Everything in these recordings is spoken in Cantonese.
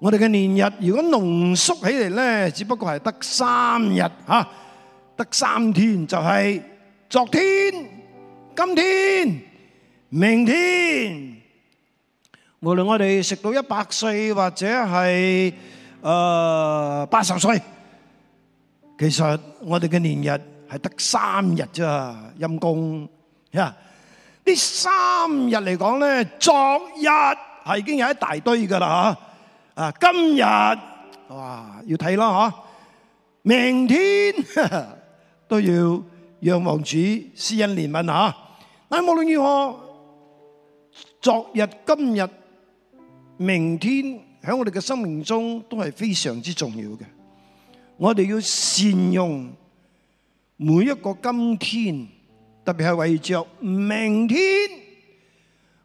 我哋嘅年日如果濃縮起嚟咧，只不過係得三日吓，得三天就係昨天、今天、明天。無論我哋食到一百歲或者係誒八十歲，其實我哋嘅年日係得三日咋陰公吓？呢三日嚟講咧，昨日係已經有一大堆噶啦吓。啊，今日哇，要睇咯嗬！明天都要仰望主施恩憐憫啊！但係無論如何，昨日、今日、明天喺我哋嘅生命中都係非常之重要嘅。我哋要善用每一個今天，特別係為着明天，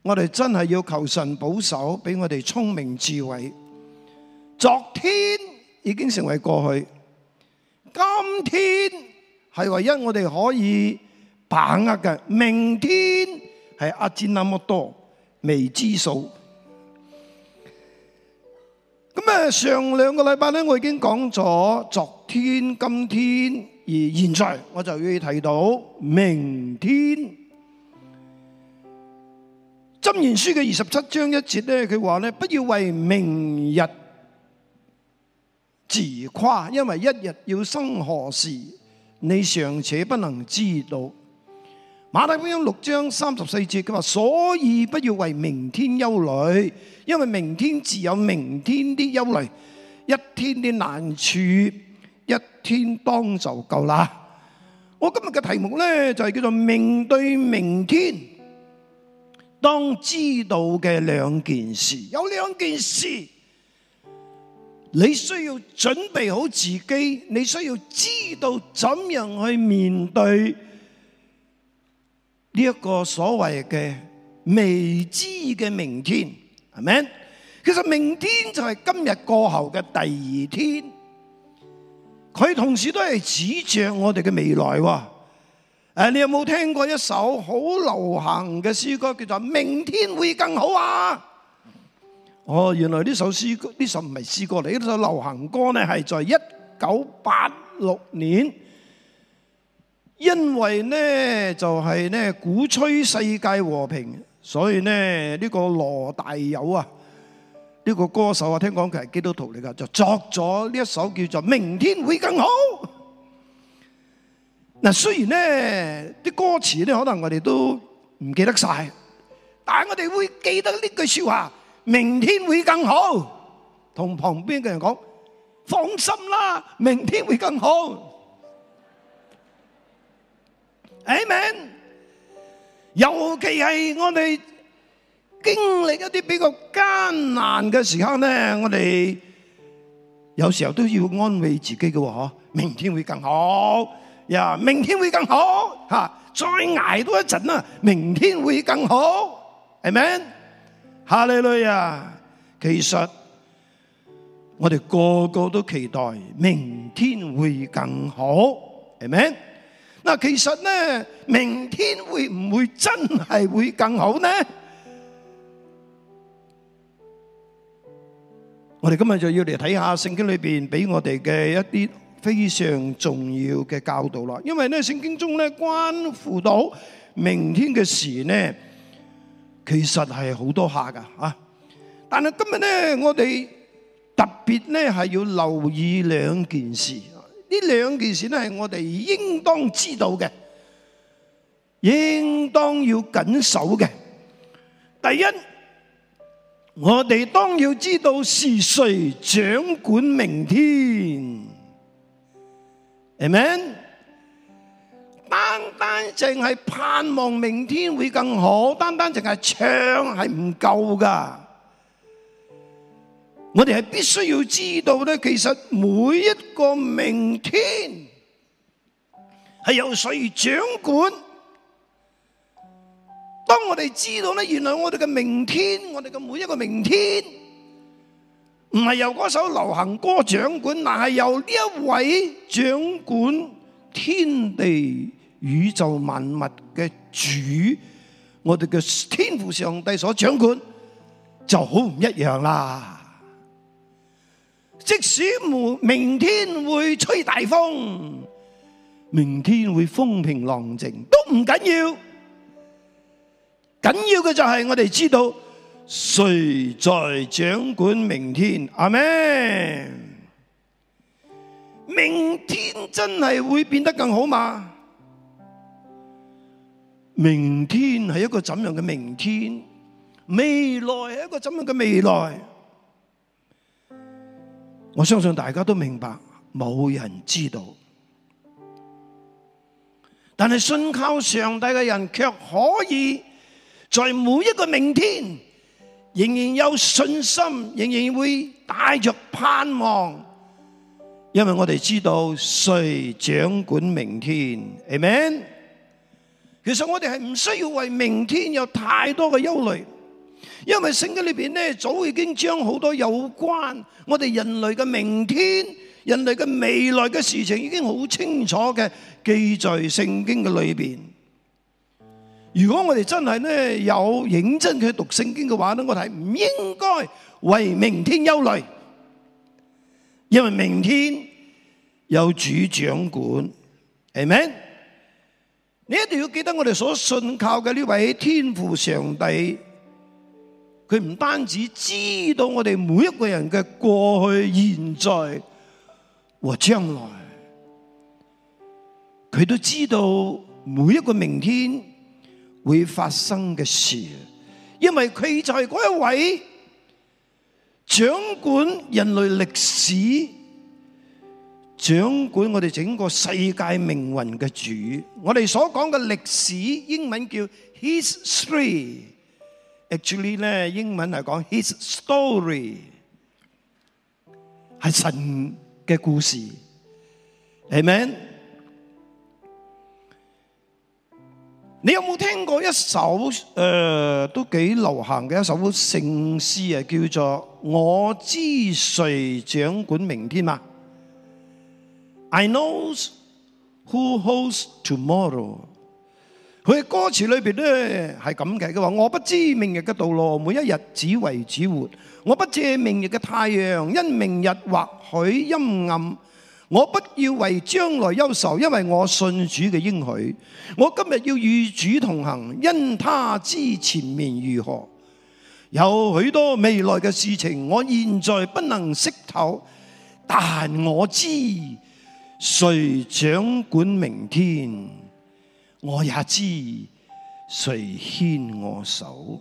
我哋真係要求神保守，俾我哋聰明智慧。昨天已經成為過去，今天係唯一我哋可以把握嘅，明天係阿占那麼多未自誇，因為一日要生何事，你尚且不能知道。馬太福音六章三十四節嘅話，所以不要為明天憂慮，因為明天自有明天的憂慮，一天的難處，一天當就夠啦。我今日嘅題目呢，就係叫做面對明天，當知道嘅兩件事，有兩件事。你需要準備好自己，你需要知道怎樣去面對呢一個所謂嘅未知嘅明天，係咪？其實明天就係今日過後嘅第二天，佢同時都係指着我哋嘅未來。誒，你有冇聽過一首好流行嘅詩歌，叫做《明天會更好》啊？哦，原來呢首詩歌，呢首唔係詩歌嚟，呢首流行歌咧係在一九八六年，因為咧就係咧鼓吹世界和平，所以咧呢個羅大佑啊，呢個歌手啊，聽講佢係基督徒嚟㗎，就作咗呢一首叫做《明天會更好》。嗱，雖然咧啲歌詞咧可能我哋都唔記得晒，但係我哋會記得呢句説話。明天會更好，同旁邊嘅人講，放心啦，明天會更好。阿門，尤其係我哋經歷一啲比較艱難嘅時候咧，我哋有時候都要安慰自己嘅，嗬，明天會更好，呀，明天會更好，吓，再挨多一陣啊，明天會更好，係咪？哈利路亞！其實我哋個個都期待明天會更好，係咪？嗱，其實咧，明天會唔會真係會更好呢？我哋今日就要嚟睇下聖經裏邊俾我哋嘅一啲非常重要嘅教導啦。因為咧，聖經中咧關乎到明天嘅事呢。其實係好多下噶，但係今日咧，我哋特別咧係要留意兩件事，呢兩件事咧係我哋應當知道嘅，應當要緊守嘅。第一，我哋當要知道是誰掌管明天，amen 單單淨係盼望明天會更好，單單淨係唱係唔夠噶。我哋係必須要知道咧，其實每一個明天係由誰掌管。當我哋知道咧，原來我哋嘅明天，我哋嘅每一個明天，唔係由嗰首流行歌掌管，但係由呢一位掌管。天地宇宙萬物嘅主，我哋嘅天父上帝所掌管就好唔一樣啦。即使明天會吹大風，明天會風平浪靜都唔緊要，緊要嘅就係我哋知道誰在掌管明天。阿門。明天真係會變得更好嗎？明天係一個怎樣嘅明天？未來係一個怎樣嘅未來？我相信大家都明白，冇人知道。但係信靠上帝嘅人卻可以在每一個明天，仍然有信心，仍然會帶着盼望。因為我哋知道誰掌管明天，Amen。其實我哋係唔需要為明天有太多嘅憂慮，因為聖經裏邊咧，早已經將好多有關我哋人類嘅明天、人類嘅未來嘅事情，已經好清楚嘅記在聖經嘅裏邊。如果我哋真係咧有認真去讀聖經嘅話咧，我哋係唔應該為明天憂慮。因為明天有主掌管，係咪？你一定要記得我哋所信靠嘅呢位天父上帝，佢唔單止知道我哋每一個人嘅過去、現在和將來，佢都知道每一個明天會發生嘅事，因為佢就係嗰一位。掌管人類歷史，掌管我哋整個世界命運嘅主，我哋所講嘅歷史，英文叫 history。actually 咧，英文係講 history 係神嘅故事，amen。你有冇聽過一首誒都幾流行嘅一首聖詩啊？叫做《我知誰掌管明天》啊。I knows who holds tomorrow。佢嘅歌詞裏邊咧係咁嘅，佢話，我不知明日嘅道路，每一日只為主活，我不借明日嘅太陽，因明日或許陰暗。我不要為將來憂愁，因為我信主嘅應許。我今日要與主同行，因他知前面如何，有許多未來嘅事情，我現在不能識透，但我知誰掌管明天，我也知誰牽我手。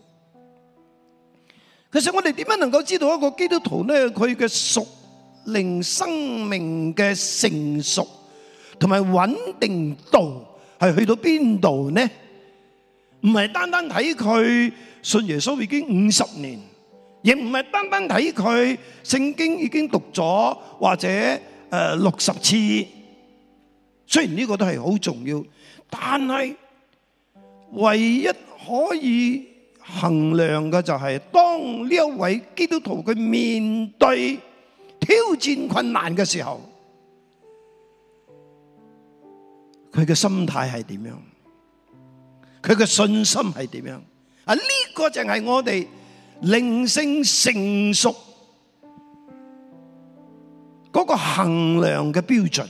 其實我哋點樣能夠知道一個基督徒呢？佢嘅屬。令生命嘅成熟同埋穩定度係去到邊度呢？唔係單單睇佢信耶穌已經五十年，亦唔係單單睇佢聖經已經讀咗或者誒六十次。雖然呢個都係好重要，但係唯一可以衡量嘅就係當呢一位基督徒佢面對。挑戰困難嘅時候，佢嘅心態係點樣？佢嘅信心係點樣？啊，呢個就係我哋靈性成熟嗰個衡量嘅標準。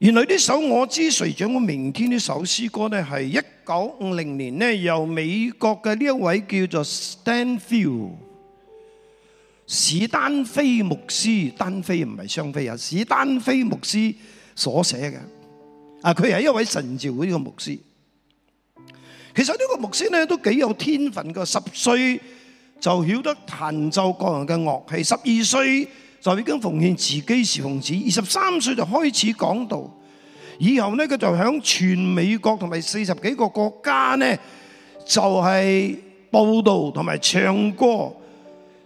原來呢首《我知誰掌管明天》呢首詩歌咧，係一九五零年咧由美國嘅呢一位叫做 Stanfield。史丹菲牧師，丹菲唔係雙菲啊！史丹菲牧師所寫嘅，啊，佢係一位神召會嘅牧師。其實呢個牧師咧都幾有天分㗎，十歲就曉得彈奏各樣嘅樂器，十二歲就已經奉獻自己事奉主，二十三歲就開始講道。以後呢，佢就響全美國同埋四十幾個國家呢，就係佈道同埋唱歌。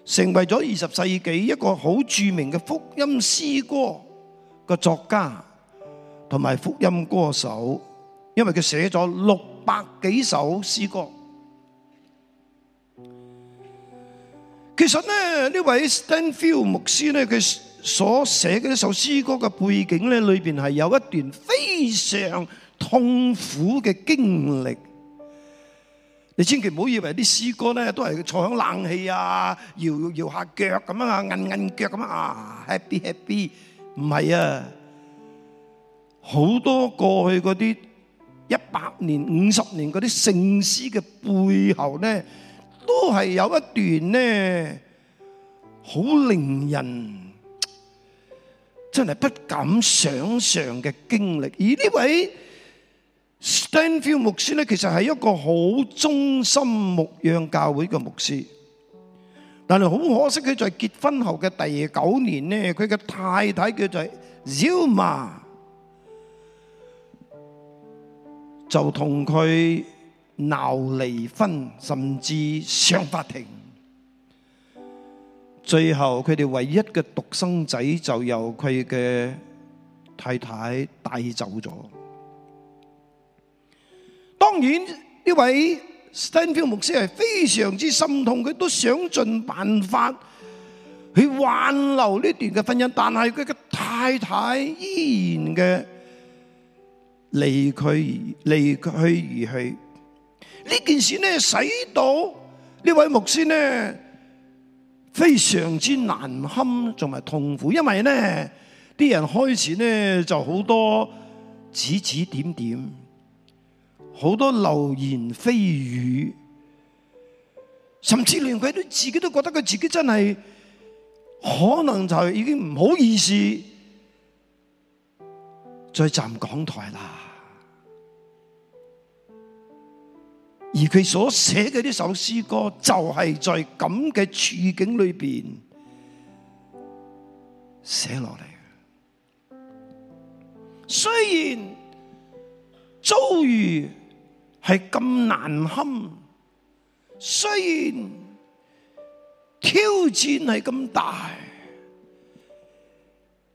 成為咗二十世紀一個好著名嘅福音詩歌嘅作家，同埋福音歌手，因為佢寫咗六百幾首詩歌。其實咧，呢位 Stanfield 牧師咧，佢所寫嘅呢首詩歌嘅背景咧，裏邊係有一段非常痛苦嘅經歷。你千祈唔好以為啲詩歌咧都係坐響冷氣啊，搖搖下腳咁啊，韌韌腳咁啊，happy happy，唔係啊，好多過去嗰啲一百年、五十年嗰啲聖詩嘅背後咧，都係有一段咧，好令人真係不敢想像嘅經歷。而呢位 Stanfield 牧師咧，其實係一個好忠心牧養教會嘅牧師，但係好可惜，佢在結婚後嘅第九年咧，佢嘅太太叫做 Zilma，就同佢鬧離婚，甚至上法庭，最後佢哋唯一嘅獨生仔就由佢嘅太太帶走咗。當然呢位 Stanfield 牧師係非常之心痛，佢都想盡辦法去挽留呢段嘅婚姻，但係佢嘅太太依然嘅離佢離佢而去。呢件事呢使到呢位牧師呢非常之難堪，同埋痛苦，因為呢啲人開始呢就好多指指點點。好多流言蜚語，甚至連佢都自己都覺得佢自己真係可能就已經唔好意思再站講台啦。而佢所寫嘅呢首詩歌，就係、是、在咁嘅處境裏邊寫落嚟，雖然遭遇係咁難堪，雖然挑戰係咁大，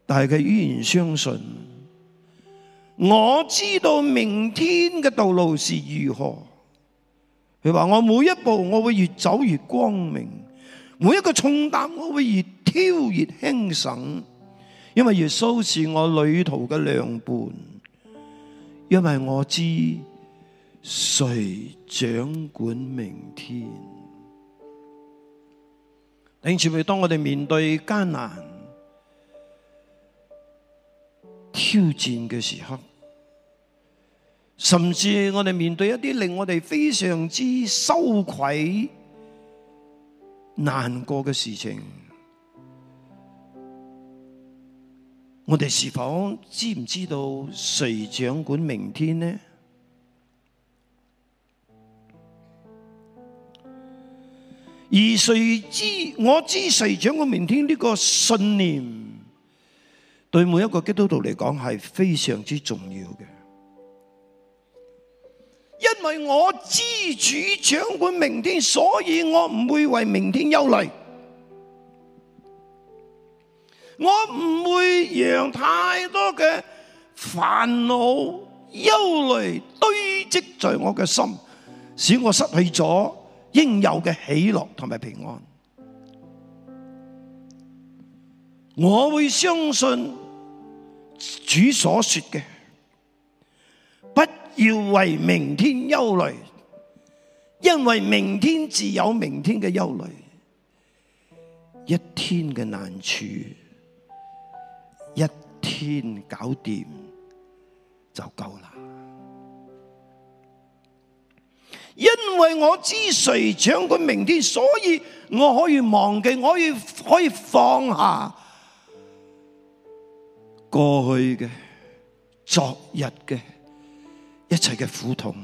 但係佢依然相信，我知道明天嘅道路是如何。佢話我每一步我會越走越光明，每一個重擔我會越挑越輕省，因為耶穌是我旅途嘅良伴，因為我知。誰掌管明天？並且每當我哋面對艱難挑戰嘅時刻，甚至我哋面對一啲令我哋非常之羞愧、難過嘅事情，我哋是否知唔知道誰掌管明天呢？而誰知我知誰掌管明天，呢個信念對每一個基督徒嚟講係非常之重要嘅，因為我知主掌管明天，所以我唔會為明天憂慮，我唔會讓太多嘅煩惱憂慮堆積在我嘅心，使我失去咗應有嘅喜樂同埋平安，我會相信主所說嘅，不要為明天憂慮，因為明天自有明天嘅憂慮，一天嘅難處，一天搞掂就夠喇。因為我知誰掌管明天，所以我可以忘記，我可以可以放下過去嘅、昨日嘅、一切嘅苦痛、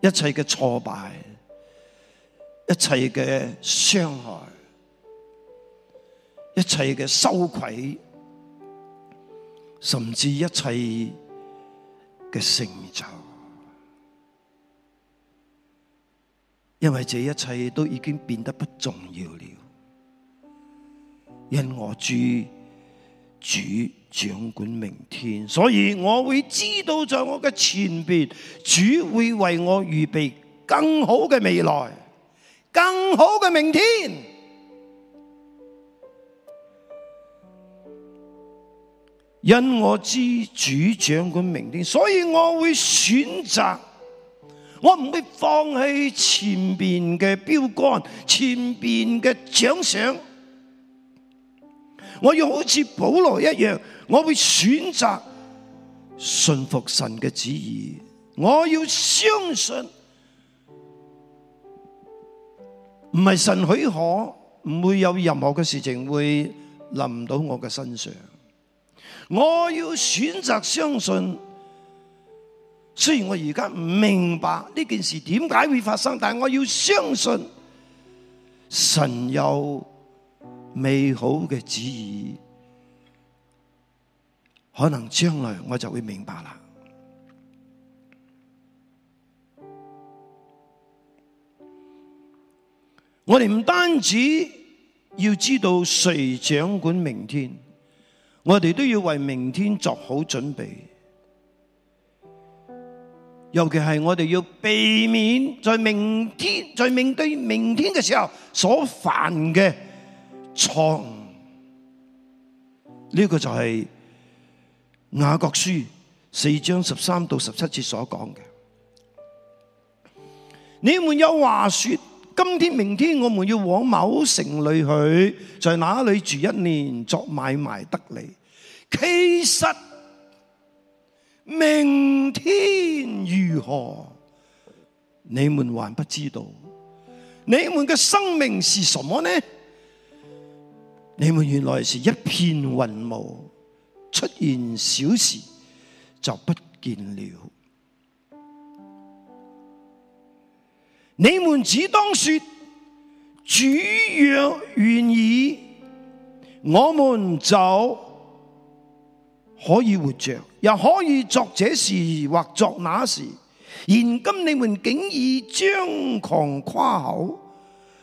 一切嘅挫敗、一切嘅傷害、一切嘅羞愧，甚至一切嘅成就。因為這一切都已經變得不重要了。因我知主掌管明天，所以我會知道在我嘅前邊，主會為我預備更好嘅未來，更好嘅明天。因我知主掌管明天，所以我會選擇。我唔會放棄前面嘅標杆，前面嘅獎賞。我要好似保羅一樣，我會選擇信服神嘅旨意。我要相信，唔係神許可，唔會有任何嘅事情會臨到我嘅身上。我要選擇相信。雖然我而家唔明白呢件事點解會發生，但係我要相信神有美好嘅旨意，可能將來我就會明白啦。我哋唔單止要知道誰掌管明天，我哋都要為明天作好準備。尤其係我哋要避免在明天，在面對明天嘅時候所犯嘅錯誤。呢個就係雅各書四章十三到十七節所講嘅。你們有話說，今天、明天，我們要往某城裏去，在哪裏住一年，作買賣得利。其實。明天如何？你們還不知道。你們的生命是什麼呢？你們原來是一片雲霧，出現小時就不見了。你們只當說：主若願意，我們就。可以活着，又可以作這事或作那事。現今你們竟以張狂誇口，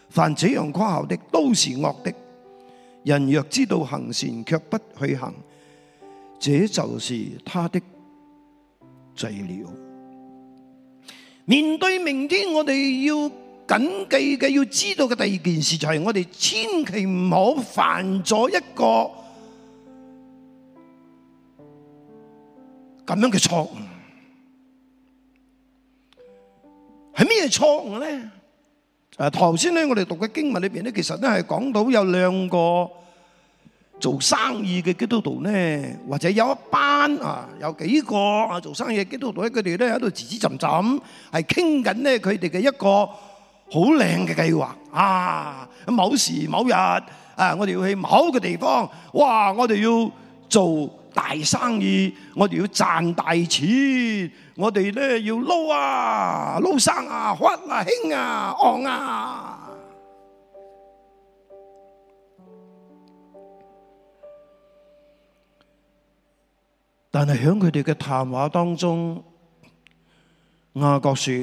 凡這樣誇口的都是惡的。人若知道行善，卻不去行，這就是他的罪了。面對明天，我哋要謹記嘅，要知道嘅第二件事就係、是，我哋千祈唔好犯咗一個。咁樣嘅錯誤係咩錯誤咧？誒頭先咧，我哋讀嘅經文裏邊咧，其實咧係講到有兩個做生意嘅基督徒咧，或者有一班啊，有幾個啊做生意嘅基督徒咧，佢哋咧喺度黐黐浸浸，係傾緊咧佢哋嘅一個好靚嘅計劃啊！某時某日啊，我哋要去某個地方，哇！我哋要做大生意，我哋要賺大錢，我哋咧要撈啊，撈生啊，屈啊，興啊，旺啊！但係喺佢哋嘅談話當中，雅各說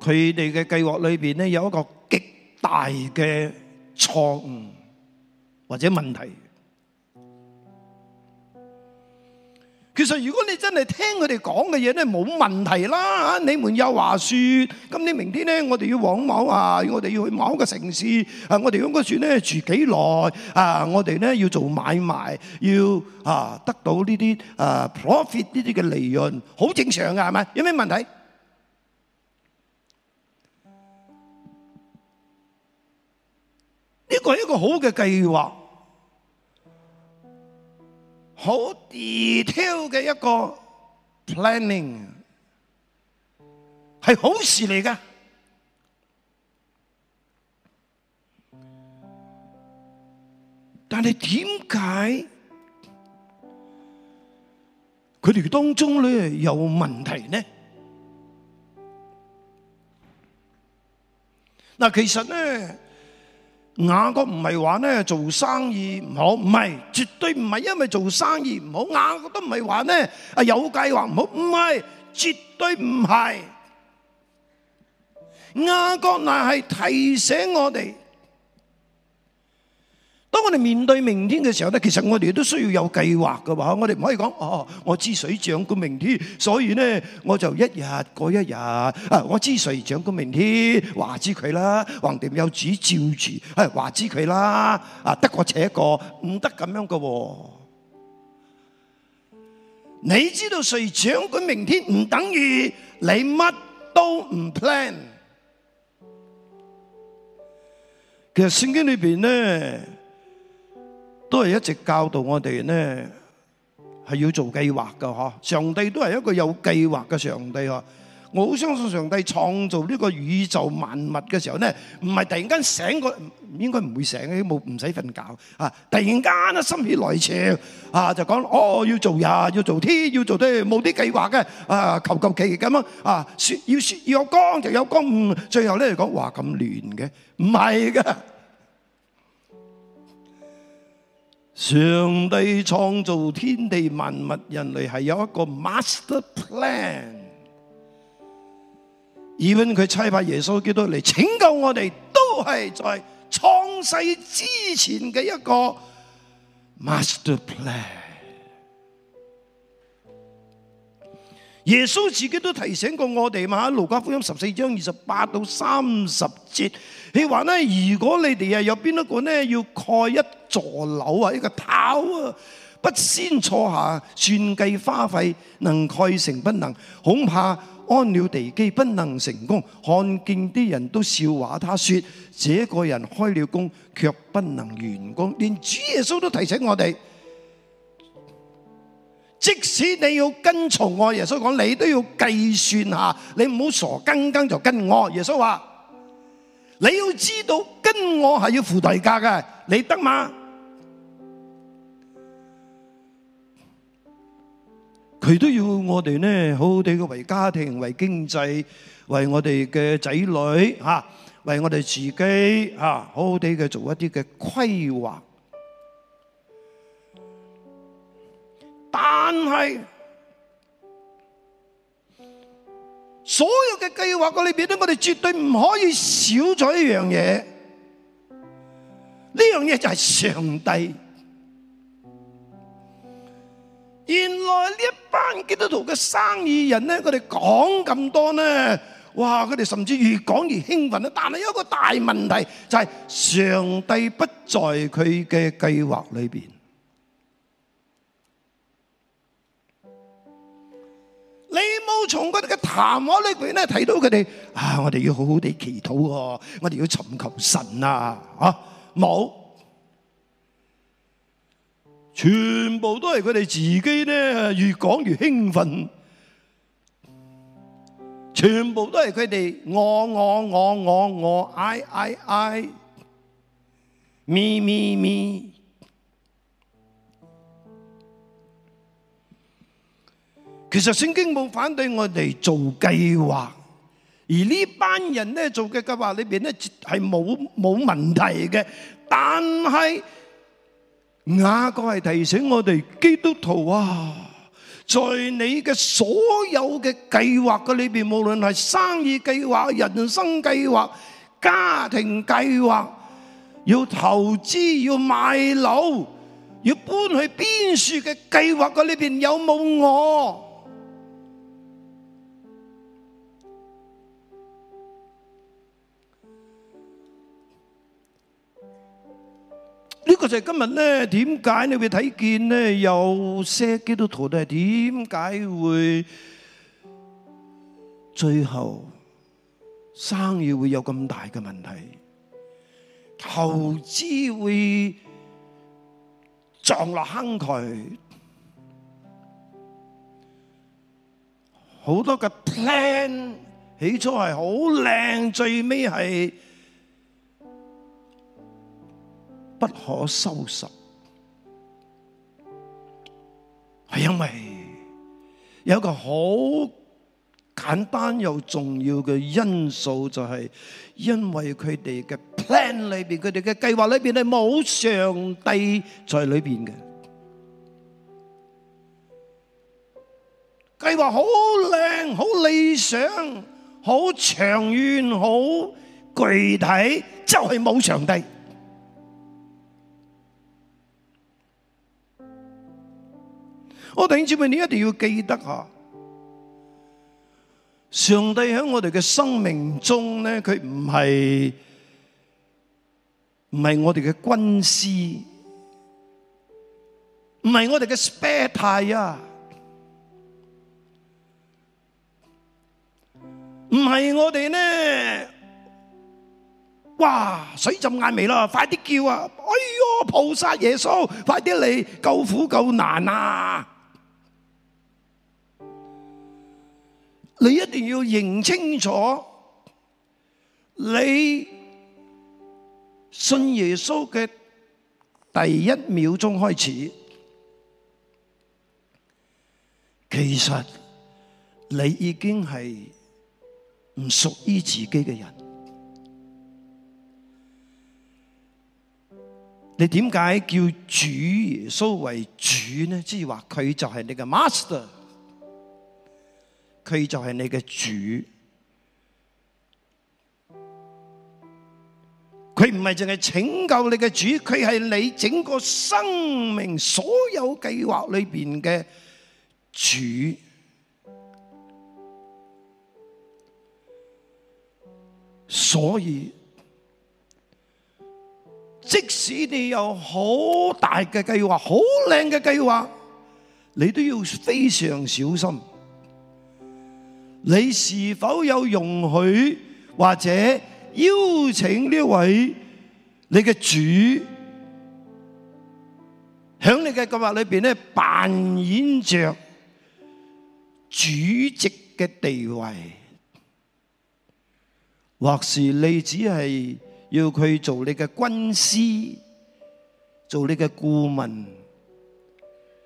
佢哋嘅計劃裏邊咧有一個極大嘅錯誤或者問題。其實如果你真係聽佢哋講嘅嘢咧，冇問題啦。你們又話説，咁你明天咧，我哋要往某啊，我哋要去某個城市啊，我哋應該算咧住幾耐啊？我哋咧要做買賣，要啊得到呢啲啊 profit 呢啲嘅利潤，好正常噶係咪？有咩問題？呢個係一個好嘅計劃。好 detail 嘅一個 planning 係好事嚟㗎，但係點解佢哋當中呢有問題呢？嗱，其實呢～雅各唔係話呢，做生意唔好，唔係絕對唔係，因為做生意唔好，雅各都唔係話呢啊有計劃唔好，唔係絕對唔係，雅各乃係提醒我哋。當我哋面對明天嘅時候咧，其實我哋都需要有計劃嘅話，我哋唔可以講哦，我知誰掌管明天，所以咧我就一日過一日。啊，我知誰掌管明天，話知佢啦，橫掂有主照住，係話知佢啦。啊，得過且過，唔得咁樣嘅喎。你知道誰掌管明天唔等於你乜都唔 plan 嘅，其實聖經入邊咧。都係一直教導我哋咧，係要做計劃噶嗬。上帝都係一個有計劃嘅上帝嗬。我好相信上帝創造呢個宇宙萬物嘅時候咧，唔係突然間醒過，應該唔會醒嘅，冇唔使瞓覺啊！突然間咧心血來潮啊，就講哦要做日要做天要做啲冇啲計劃嘅啊，求求其其咁啊，要要有光就有光，最後咧嚟講話咁亂嘅，唔係噶。上帝創造天地萬物，人類係有一個 master plan。even 佢差派耶穌基督嚟拯救我哋，都係在創世之前嘅一個 master plan。耶穌自己都提醒過我哋嘛，啊《路加福音》十四章二十八到三十節。你話咧：如果你哋啊有邊一個咧要蓋一座樓啊，一個塔啊，不先坐下算計花費，能蓋成不能，恐怕安了地基不能成功。看見啲人都笑話他，他說這個人開了工卻不能完工。連主耶穌都提醒我哋：即使你要跟從我耶穌講，你都要計算下，你唔好傻更更就跟我。耶穌話。你要知道跟我係要付代價嘅，你得嘛？佢都要我哋呢，好好地嘅，為家庭、為經濟、為我哋嘅仔女吓，為我哋自己吓，好好地嘅做一啲嘅規劃。但係。所有嘅計劃個裏邊咧，我哋絕對唔可以少咗一樣嘢。呢樣嘢就係上帝。原來呢一班基督徒嘅生意人咧，佢哋講咁多咧，哇，佢哋甚至越講越興奮啊！但係有一個大問題，就係、是、上帝不在佢嘅計劃裏邊。你冇從佢哋嘅談話裏邊咧，睇到佢哋啊，我哋要好好地祈禱啊，我哋要尋求神啊，啊，冇，全部都係佢哋自己咧，越講越興奮，全部都係佢哋我我我我我，I I I，咪咪咪。其實聖經冇反對我哋做計劃，而呢班人咧做嘅計劃裏邊咧係冇冇問題嘅。但係雅各係提醒我哋基督徒啊，在你嘅所有嘅計劃嘅裏邊，無論係生意計劃、人生計劃、家庭計劃，要投資、要買樓、要搬去邊處嘅計劃嘅裏邊，有冇我？呢個就係今日咧，點解你會睇見咧？有些基督徒咧，點解會最後生意會有咁大嘅問題？投資會撞落坑渠，好多個 plan 起初係好靚，最尾係不可收拾，係因為有一個好簡單又重要嘅因素，就係因為佢哋嘅 plan 裏邊，佢哋嘅計劃裏邊係冇上帝在裏邊嘅。計劃好靚、好理想、好長遠、好具體，就係、是、冇上帝。我弟兄姊妹，你一定要記得啊！上帝喺我哋嘅生命中咧，佢唔係唔係我哋嘅軍師，唔係我哋嘅 spare tyre 啊，唔係我哋咧，哇！水浸眼眉啦，快啲叫啊！哎喲，菩薩耶穌，快啲嚟，救苦救難啊！你一定要認清楚，你信耶穌嘅第一秒鐘開始，其實你已經係唔屬於自己嘅人。你點解叫主耶穌為主呢？即係話佢就係你嘅 master。佢就係你嘅主，佢唔係淨係拯救你嘅主，佢係你整個生命所有計劃裏面嘅主，所以即使你有好大嘅計劃、好靚嘅計劃，你都要非常小心。你是否有容許或者邀請呢位你嘅主喺你嘅計劃裏邊咧扮演着主席嘅地位，或是你只係要佢做你嘅軍師，做你嘅顧問？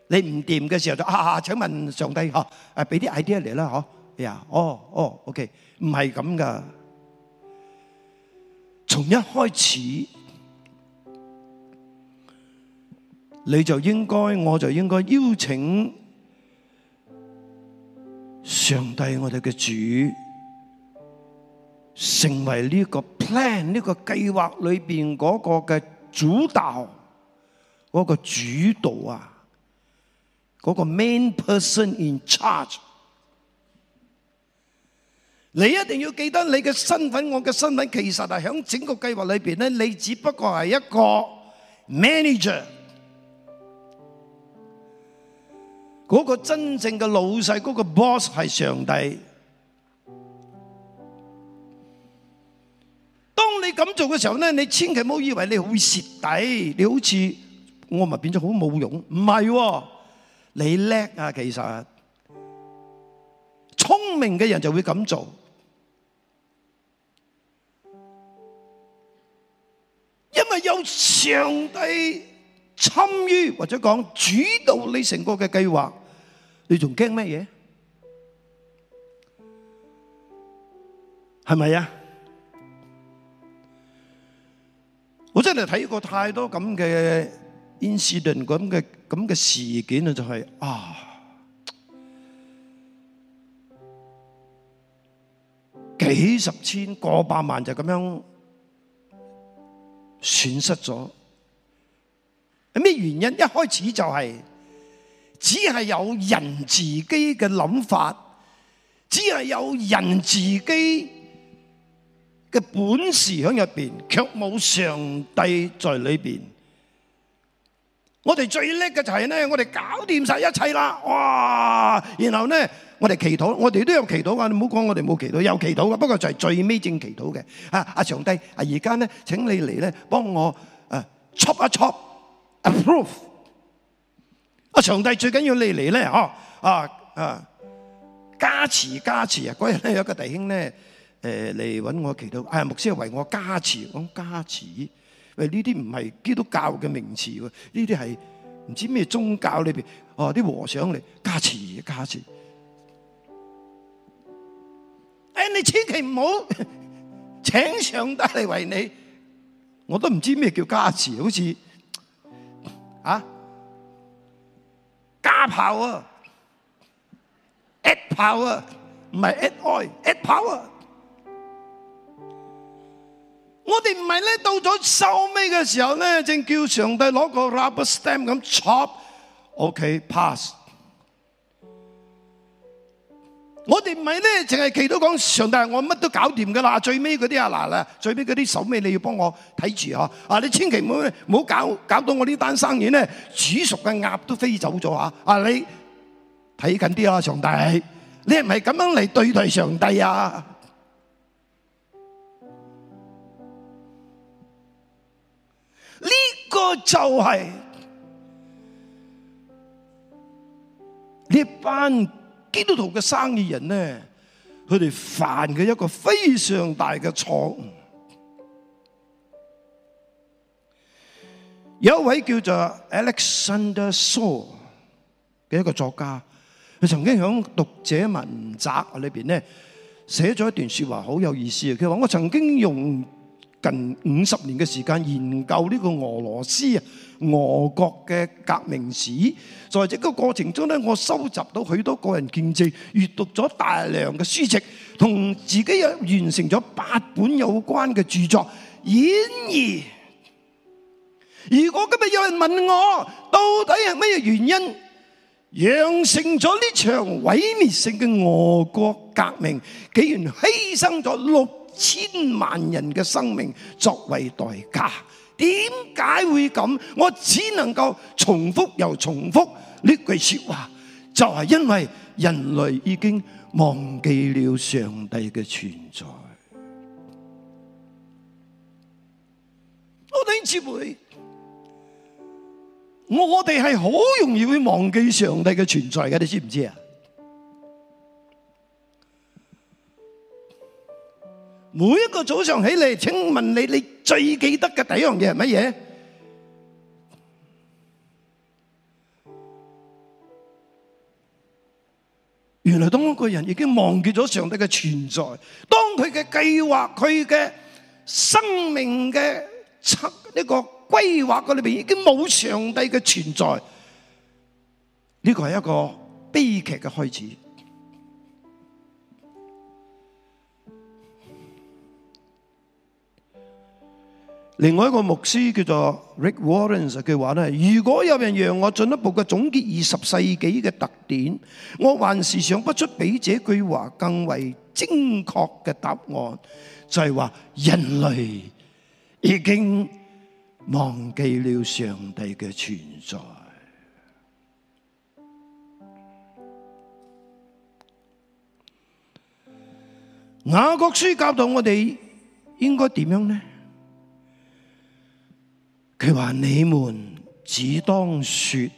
你唔掂嘅時候就啊，請問上帝嗬，誒，俾啲 idea 嚟啦嗬。呀，哦哦，OK，唔係咁㗎。從一開始你就應該，我就應該邀請上帝我，我哋嘅主成為呢個 plan 呢個計劃裏邊嗰個嘅主導，嗰個主導啊，嗰個 main person in charge。你一定要記得你嘅身份，我嘅身份其實係喺整個計劃裏邊咧，你只不過係一個 manager。嗰個真正嘅老細，嗰個 boss 係上帝。當你咁做嘅時候咧，你千祈唔好以為你會蝕底，你好似我咪變咗好冇用。唔係喎，你叻呀，其實。明嘅人就會咁做，因為有上帝參與或者講主導你成個嘅計劃，你仲驚乜嘢？係咪啊？我真係睇過太多咁嘅 incident，咁嘅咁嘅事件啊，就係啊。幾十千、過百萬就咁樣損失咗，係咩原因？一開始就係、是、只係有人自己嘅諗法，只係有人自己嘅本事喺入邊，卻冇上帝在裏邊。我哋最叻嘅就係咧，我哋搞掂晒一切啦！哇，然後咧。我哋祈禱，我哋都有祈禱噶。你唔好講我哋冇祈禱，有祈禱噶。不過就係最尾正祈禱嘅。啊，阿、啊、上帝，啊而家咧，請你嚟咧，幫我啊，chop 一 chop，approve。阿、啊、上帝最緊要你嚟咧，嗬，啊啊，加持加持啊！嗰日咧有一個弟兄咧，誒嚟搵我祈禱，啊牧師為我加持，講加持。喂，呢啲唔係基督教嘅名詞喎，呢啲係唔知咩宗教裏邊，哦、啊、啲和尚嚟加持，加持。誒，你千祈唔好請上帝嚟為你，我都唔知咩叫加持，好似啊加 power，add power，唔係 add oil，add power。我哋唔係咧，到咗收尾嘅時候咧，正叫上帝攞個 rubber stamp 咁 chop，OK pass。我哋唔係咧，淨係祈禱講上帝，我乜都搞掂噶啦。最尾嗰啲啊嗱啦，最尾嗰啲手尾你要幫我睇住嗬。啊，你千祈唔好唔好搞搞到我呢單生意咧煮熟嘅鴨都飛走咗嚇。啊，你睇緊啲啊，上帝，你係唔係咁樣嚟對待上帝啊？呢、呢個就係呢班。基督徒嘅生意人咧，佢哋犯嘅一個非常大嘅錯誤。有一位叫做 Alexander Saw 嘅一個作家，佢曾經響讀者文摘裏邊咧寫咗一段說話，好有意思。佢話：「我曾經用近五十年嘅時間研究呢個俄羅斯啊俄國嘅革命史，在這個過程中咧，我收集到許多個人見證，閱讀咗大量嘅書籍，同自己又完成咗八本有關嘅著作。然而，如果今日有人問我，到底係咩原因，養成咗呢場毀滅性嘅俄國革命，竟然犧牲咗六千萬人嘅生命作為代價，點解會咁？我只能夠重複又重複呢句說話，就係因為人類已經忘記了上帝嘅存在。我哋姊妹，我哋係好容易會忘記上帝嘅存在嘅，你知唔知啊？每一個早上起來，請問你你，最記得的第一樣嘢係乜嘢？原來當一個人已經忘記了上帝的存在，當他的計劃、他的生命嘅呢、這個規劃裏面已經沒有上帝的存在，這個係一個悲劇的開始。另外一個牧師叫做 Rick Warren 嘅話咧，如果有人讓我進一步嘅總結二十世紀嘅特點，我還是想不出比這句話更為精確嘅答案，就係話人類已經忘記了上帝嘅存在。雅各書教導我哋應該點樣呢？佢話：你們只當說，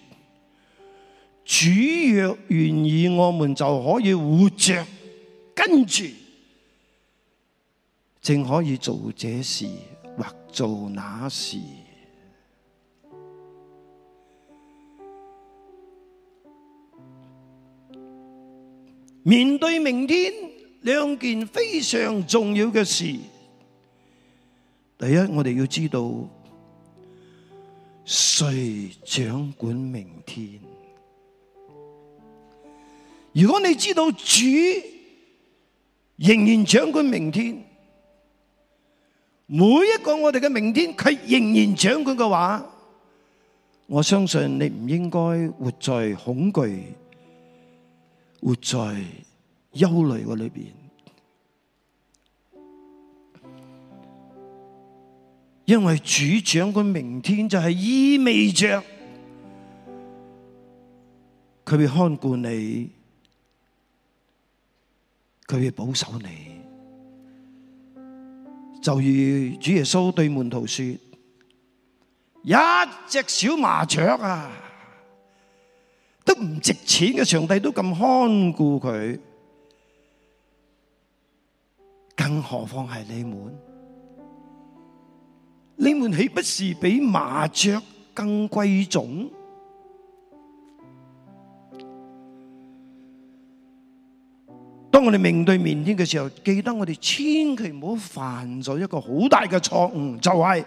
主若願意，我們就可以活着，跟住，正可以做這事或做那事。面對明天，兩件非常重要嘅事，第一，我哋要知道。誰掌管明天？如果你知道主仍然掌管明天，每一個我哋嘅明天，佢仍然掌管嘅話，我相信你唔應該活在恐懼，活在憂慮嘅裏邊。因為主掌管明天，就係意味著佢會看顧你，佢會保守你，就如主耶穌對門徒說：一隻小麻雀啊，都唔值錢嘅，上帝都咁看顧佢，更何況係你們。你們豈不是比麻雀更貴重？當我哋面對明天嘅時候，記得我哋千祈唔好犯咗一個好大嘅錯誤，就係、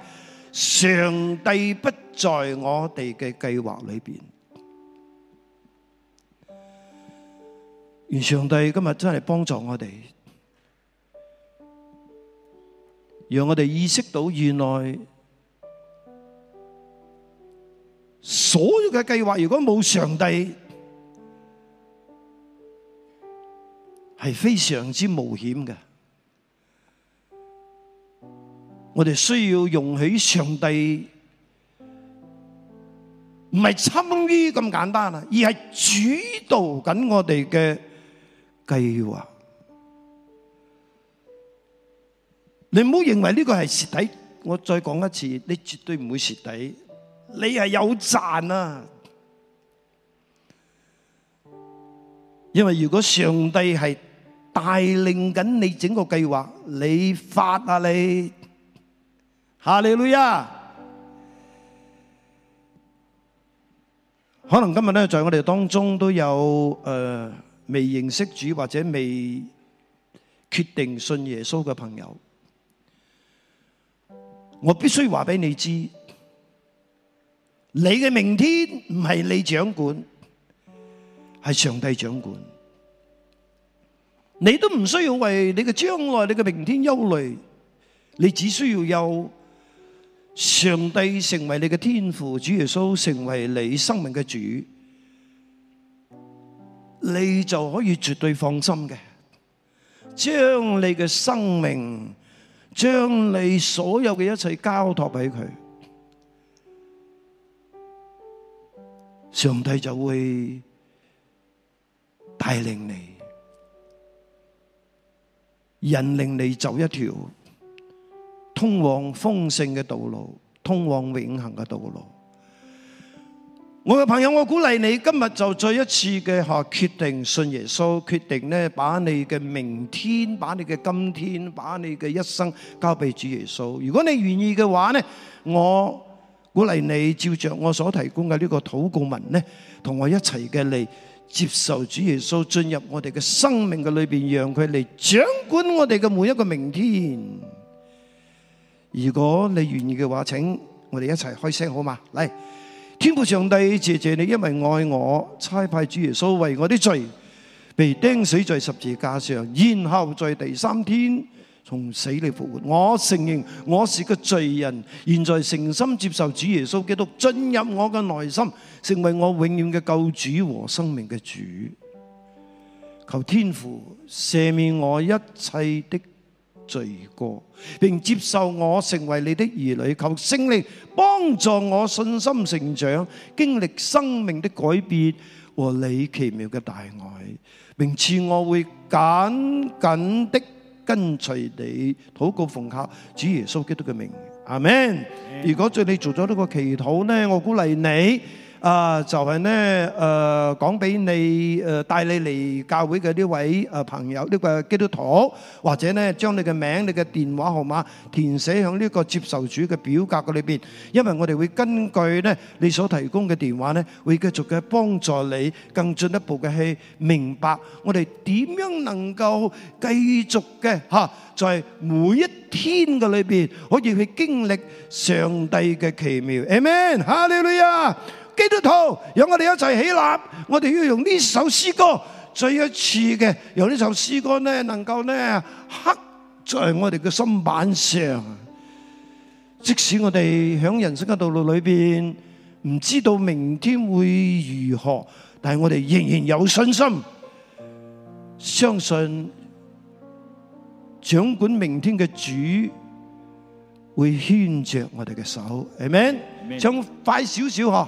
是、上帝不在我哋嘅計劃裏邊。願上帝今日真係幫助我哋。讓我哋意識到，原來所有嘅計劃如果冇上帝，係非常之冒險嘅。我哋需要容許上帝唔係參與咁簡單啊，而係主導緊我哋嘅計劃。你唔好認為呢個係蝕底，我再講一次，你絕對唔會蝕底，你係有賺啊！因為如果上帝係帶領緊你整個計劃，你發啊你，哈利路亞！可能今日咧，在我哋當中都有誒未認識主或者未決定信耶穌嘅朋友。我必須話俾你知，你嘅明天，唔係你掌管，係上帝掌管。你都唔需要為你嘅將來、你嘅明天憂慮，你只需要有上帝成為你嘅天父，主耶穌，成為你生命嘅主。你就可以絕對放心嘅，將你嘅生命將你所有嘅一切交託俾佢，上帝就會帶領你，引領你走一條通往豐盛嘅道路，通往永恒嘅道路。我嘅朋友，我鼓勵你今日就再一次嘅吓決定信耶穌，決定呢，把你嘅明天、把你嘅今天、把你嘅一生交俾主耶穌。如果你願意嘅話呢，我鼓勵你照着我所提供嘅呢個禱告文呢，同我一齊嘅嚟接受主耶穌，進入我哋嘅生命嘅裏邊，讓佢嚟掌管我哋嘅每一個明天。如果你願意嘅話，請我哋一齊開聲好嗎？嚟。天父上帝，謝謝你，因為愛我，差派主耶穌為我的罪被釘死在十字架上，然後在第三天從死裏復活。我承認我是個罪人，現在誠心接受主耶穌基督進入我嘅內心，成為我永遠嘅救主和生命嘅主。求天父赦免我一切的。罪過，並接受我成為你的兒女，求聖靈幫助我信心成長，經歷生命的改變和你奇妙嘅大愛，並賜我會緊緊的跟隨你，禱告奉靠主耶穌基督嘅名，阿門。如果在你做咗呢個祈禱呢，我鼓勵你。啊，就係咧，誒講俾你，誒帶你嚟教會嘅呢位誒朋友，呢個基督徒，或者咧將你嘅名、你嘅電話號碼填寫喺呢個接受主嘅表格嘅裏邊，因為我哋會根據咧你所提供嘅電話咧，會繼續嘅幫助你更進一步嘅去明白我哋點樣能夠繼續嘅嚇，就係每一天嘅裏邊可以去經歷上帝嘅奇妙。Amen，哈利路亞！基督徒，讓我哋一齊起立。我哋要用呢首詩歌再一次嘅，用呢首詩歌咧，能夠咧刻在我哋嘅心板上。即使我哋喺人生嘅道路裏邊唔知道明天會如何，但係我哋仍然有信心，相信掌管明天嘅主會牽着我哋嘅手，係咪？唱快少少嗬。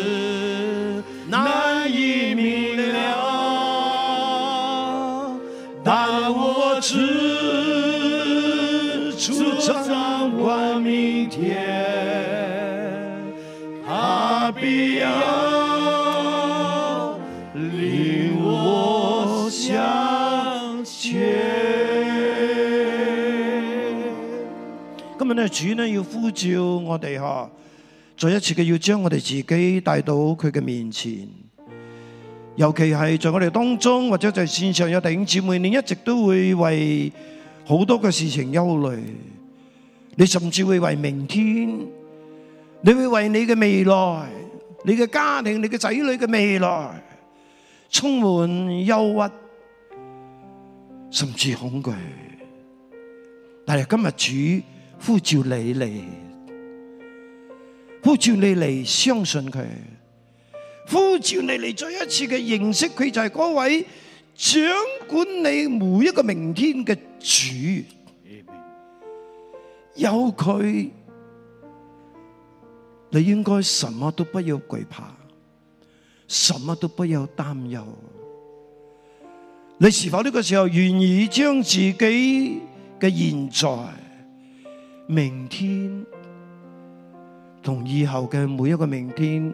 咁咧，主咧要呼召我哋嗬，再一次嘅要將我哋自己帶到佢嘅面前。尤其係在我哋當中，或者在綫上有弟兄姊妹，你一直都會為好多嘅事情憂慮，你甚至會為明天，你會為你嘅未來、你嘅家庭、你嘅仔女嘅未來充滿憂鬱，甚至恐懼。但係今日，主，呼召你嚟，呼召你嚟相信佢，呼召你嚟再一次嘅認識，佢就係嗰位，掌管你每一個明天嘅主。有佢，你應該什麼都不要懼怕，什麼都不要擔憂，你是否呢個時候願意將自己嘅現在，明天同以後嘅每一個明天，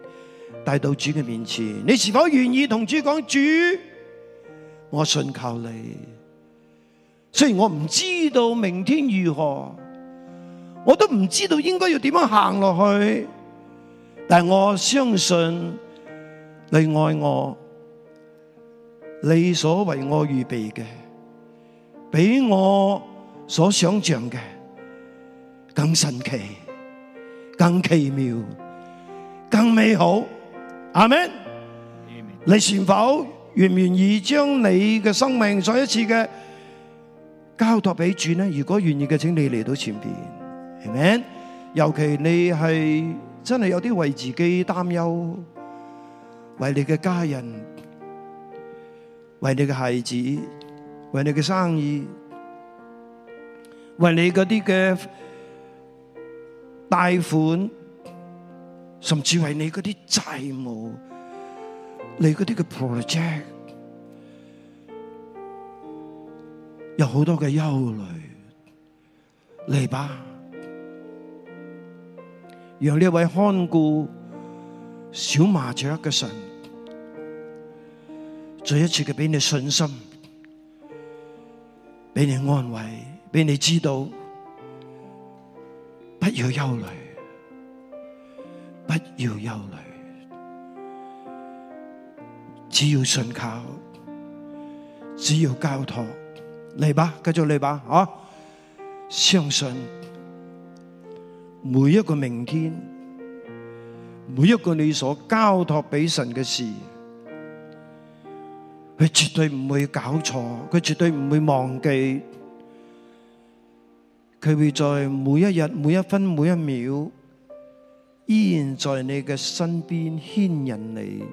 帶到主嘅面前，你是否願意同主講？主，我信靠你。雖然我唔知道明天如何，我都唔知道應該要點樣行落去，但我相信你愛我，你所為我預備嘅，比我所想象嘅。更神奇、更奇妙、更美好，阿門！你是否願唔願意將你嘅生命再一次嘅交託俾主呢？如果願意嘅，請你嚟到前邊，阿門！尤其你係真係有啲為自己擔憂，為你嘅家人，為你嘅孩子，為你嘅生意，為你嗰啲嘅貸款，甚至為你嗰啲債務，你嗰啲嘅 project，有好多嘅憂慮嚟吧？讓呢一位看顧小麻雀嘅神，再一次嘅俾你信心，俾你安慰，俾你知道。不要憂慮，不要憂慮，只要信靠，只要交託，嚟吧，繼續嚟吧，啊！相信每一個明天，每一個你所交託俾神嘅事，佢絕對唔會搞錯，佢絕對唔會忘記。佢會在每一日，每一分，每一秒，依然在你嘅身邊牽引你、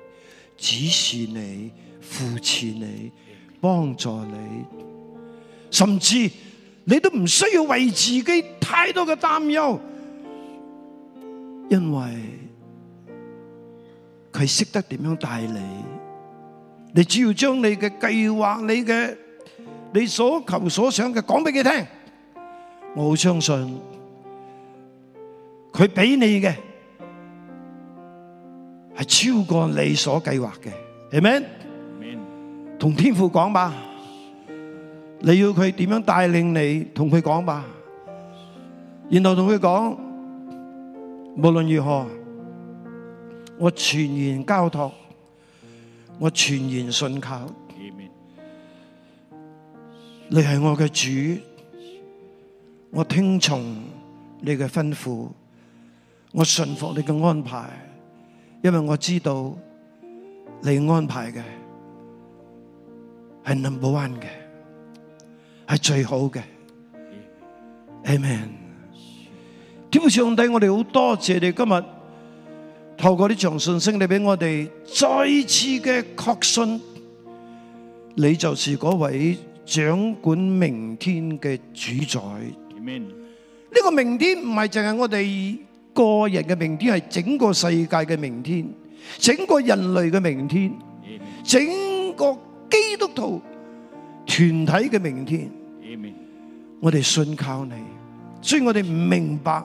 指示你、扶持你、幫助你，甚至你都唔需要為自己太多嘅擔憂，因為佢識得點樣帶你。你只要將你嘅計劃、你嘅你所求所想嘅講俾佢聽。我好相信佢俾你嘅係超過你所計劃嘅，Amen？同天父講吧，你要佢點樣帶領你，同佢講吧。然後同佢講，無論如何，我全然交託，我全然信靠，你係我嘅主。我聽從你嘅吩咐，我信服你嘅安排，因為我知道你安排嘅係 number one 嘅，係最好嘅。阿門。天父上帝，我哋好多謝你，今日透過呢場訊息，你俾我哋再次嘅確信，你就是嗰位掌管明天嘅主宰。呢個明天唔係淨係我哋個人嘅明天，係整個世界嘅明天，整個人類嘅明天，整個基督徒團體嘅明天。我哋信靠你，所以雖然我哋唔明白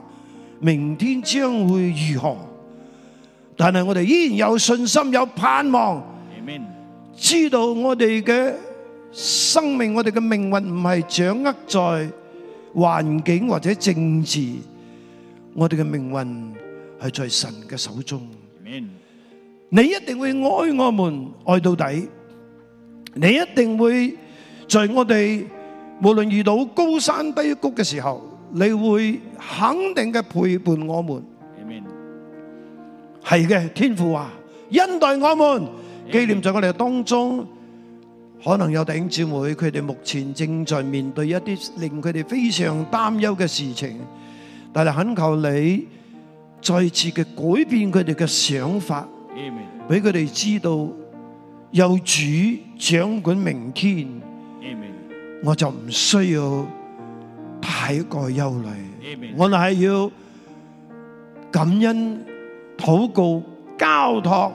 明天將會如何，但係我哋依然有信心，有盼望，知道我哋嘅生命，我哋嘅命運唔係掌握在環境或者政治，我們的命運係在神的手中。Amen. 你一定會愛我們，愛到底，你一定會在我們，無論遇到高山低谷的時候，你會肯定的陪伴我們。Amen. 是的，天父啊，恩待我們，可能有弟兄姊妹，佢哋目前正在面對一啲令佢哋非常擔憂嘅事情，但係懇求你再次嘅改變佢哋嘅想法，俾佢哋知道有主掌管明天，我就唔需要太過憂慮。我哋係要感恩、禱告、交託、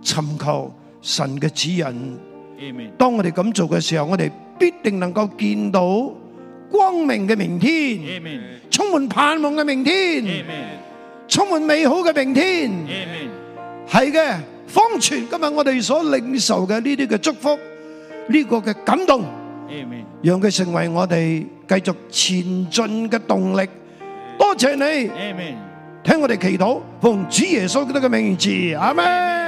尋求。神嘅指引，當我哋咁做嘅時候，我哋必定能夠見到光明嘅明天，充滿盼望嘅明天，充滿美好嘅明天。係嘅，封存今日我哋所領受嘅呢啲嘅祝福，呢個嘅感動，讓佢成為我哋繼續前進嘅動力。多謝你，聽我哋祈禱，奉主耶穌嘅名字，阿門。